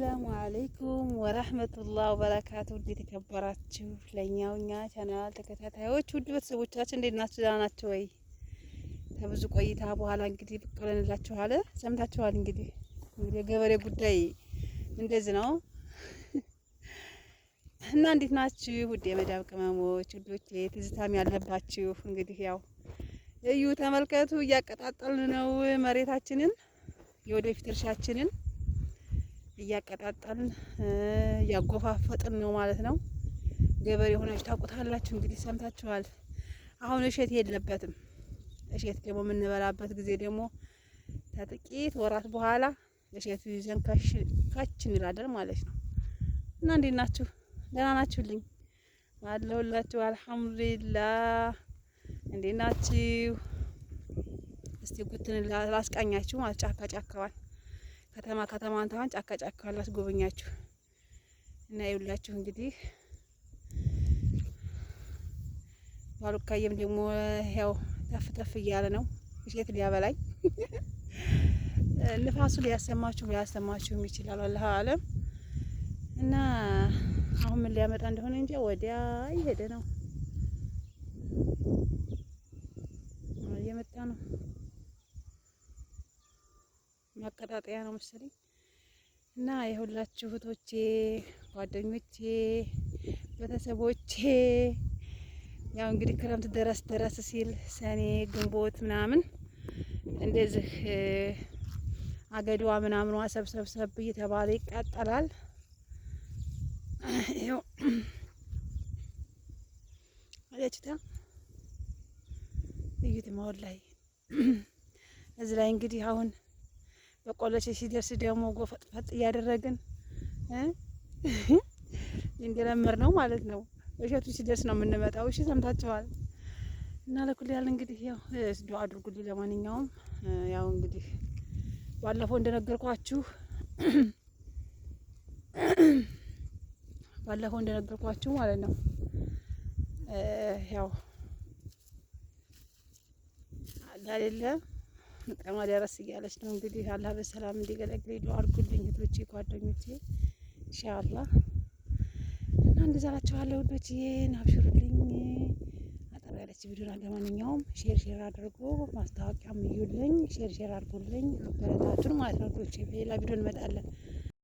አሰላሙ አለይኩም ወረህመቱላህ ወበረካቱ። ውድ የተከበራችሁ ለእኛው እኛ ቻናል ተከታታዮች ውድ ቤተሰቦቻችን እንዴት ናችሁ? ደህና ናችሁ ወይ? ከብዙ ቆይታ በኋላ እንግዲህ ብቅ ብለንላችኋል። ሰምታችኋል። እንግዲህ እንግዲህ የገበሬ ጉዳይ እንደዚህ ነው እና እንዴት ናችሁ? ውድ የመዳብ ቅመሞች ውዶቼ፣ ትዝታም ያለባችሁ እንግዲህ ያው እዩ ተመልከቱ፣ እያቀጣጠልን ነው መሬታችንን የወደፊት እርሻችንን እያቀጣጠልን እያጎፋፈጥን ነው ማለት ነው። ገበሬ የሆናችሁ ታውቁታላችሁ። እንግዲህ ሰምታችኋል። አሁን እሸት የለበትም። እሸት ደግሞ የምንበላበት ጊዜ ደግሞ ከጥቂት ወራት በኋላ እሸቱ ይዘን ካች እንላለን ማለት ነው። እና እንዴት ናችሁ? ደህና ናችሁልኝ? አለሁላችሁ። አልሐምዱሊላህ። እንዴት ናችሁ? እስቲ ጉትን ላስቃኛችሁ ማለት ጫካ ጫካዋል ከተማ ከተማ እንኳን ጫካ ጫካ ጎበኛችሁ እና ይውላችሁ እንግዲህ ባሉካየም ደግሞ ያው ተፍ ተፍ እያለ ነው ሴት ሊያበላኝ ንፋሱ ሊያሰማችሁ ሊያሰማችሁም ይችላል። አላህ አለም እና አሁን ምን ሊያመጣ እንደሆነ እንጂ ወዲያ እየሄደ ነው። ማቀጣጠያ ነው መሰለኝ። እና የሁላችሁ እህቶቼ፣ ጓደኞቼ፣ ቤተሰቦቼ ያው እንግዲህ ክረምት ደረስ ደረስ ሲል ሰኔ፣ ግንቦት ምናምን እንደዚህ አገዷ ምናምኗ ሰብሰብሰብ እየተባለ ይቃጠላል። ይኸው እዩት መሆን ላይ እዚህ ላይ እንግዲህ አሁን በቆሎቼ ሲደርስ ደግሞ ጎፈጥፈጥ እያደረግን እንደለመር ነው ማለት ነው። እሸቱ ሲደርስ ነው የምንመጣው። እሺ ሰምታችኋል። እና ለኩል ያህል እንግዲህ ያው ስዱ አድርጉልኝ። ለማንኛውም ያው እንግዲህ ባለፈው እንደነገርኳችሁ ባለፈው እንደነገርኳችሁ ማለት ነው ያው አይደለ መጠማ ደረስ እያለች ነው እንግዲህ አላህ በሰላም እንዲገለግል ዱዓ አድርጉልኝ እህቶቼ፣ ጓደኞቼ ኢንሻአላህ እና እንደዛ እላችኋለሁ ውዶችዬ። አብሽሩልኝ። አጠር ያለች ቪዲዮና ለማንኛውም ሼር ሼር አድርጉ፣ ማስታወቂያም እዩልኝ፣ ሼር ሼር አድርጉልኝ፣ አበረታቱን ማለት ነው ውዶቼ። በሌላ ቪዲዮ እንመጣለን።